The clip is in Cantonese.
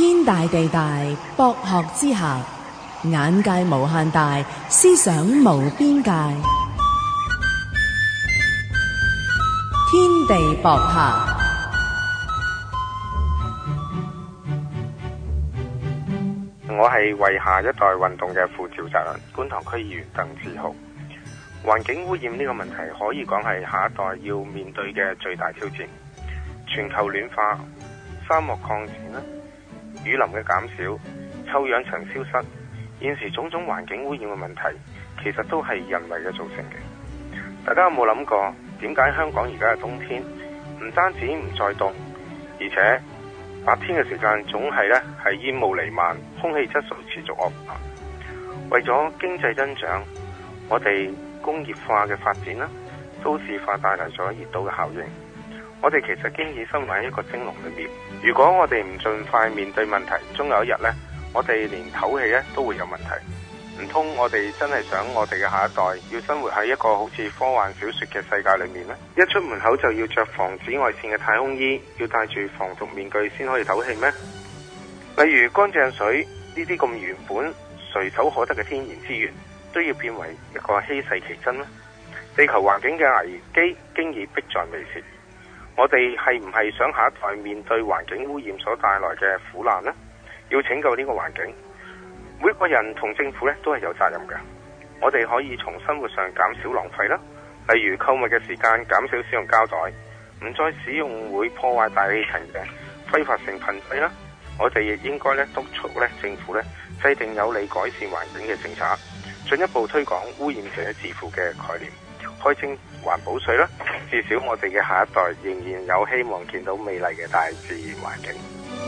天大地大，博學之下眼界無限大，思想無邊界。天地博客，我係為下一代運動嘅副召集人，觀塘區議員鄧志豪。環境污染呢個問題可以講係下一代要面對嘅最大挑戰，全球暖化、沙漠抗戰啦。雨林嘅減少、臭氧層消失、現時種種環境污染嘅問題，其實都係人為嘅造成嘅。大家有冇諗過，點解香港而家嘅冬天唔單止唔再凍，而且白天嘅時間總係咧係煙霧彌漫，空氣質素持續惡化。為咗經濟增長，我哋工業化嘅發展啦，都市化帶嚟咗熱島嘅效應。我哋其實經已生活喺一個蒸籠裏面。如果我哋唔盡快面對問題，終有一日呢，我哋連唞氣呢都會有問題。唔通我哋真係想我哋嘅下一代要生活喺一個好似科幻小說嘅世界裏面咩？一出門口就要着防紫外線嘅太空衣，要戴住防毒面具先可以唞氣咩？例如乾淨水呢啲咁原本隨手可得嘅天然資源，都要變為一個稀世奇珍咧？地球環境嘅危機經已迫在眉睫。我哋係唔係想下一代面對環境污染所帶來嘅苦難呢？要拯救呢個環境，每一個人同政府呢都係有責任嘅。我哋可以從生活上減少浪費啦，例如購物嘅時間減少使用膠袋，唔再使用會破壞大氣層嘅揮發性噴劑啦。我哋亦應該咧督促咧政府咧制定有利改善環境嘅政策，進一步推廣污染者自負嘅概念。開徵環保稅啦，至少我哋嘅下一代仍然有希望見到美麗嘅大自然環境。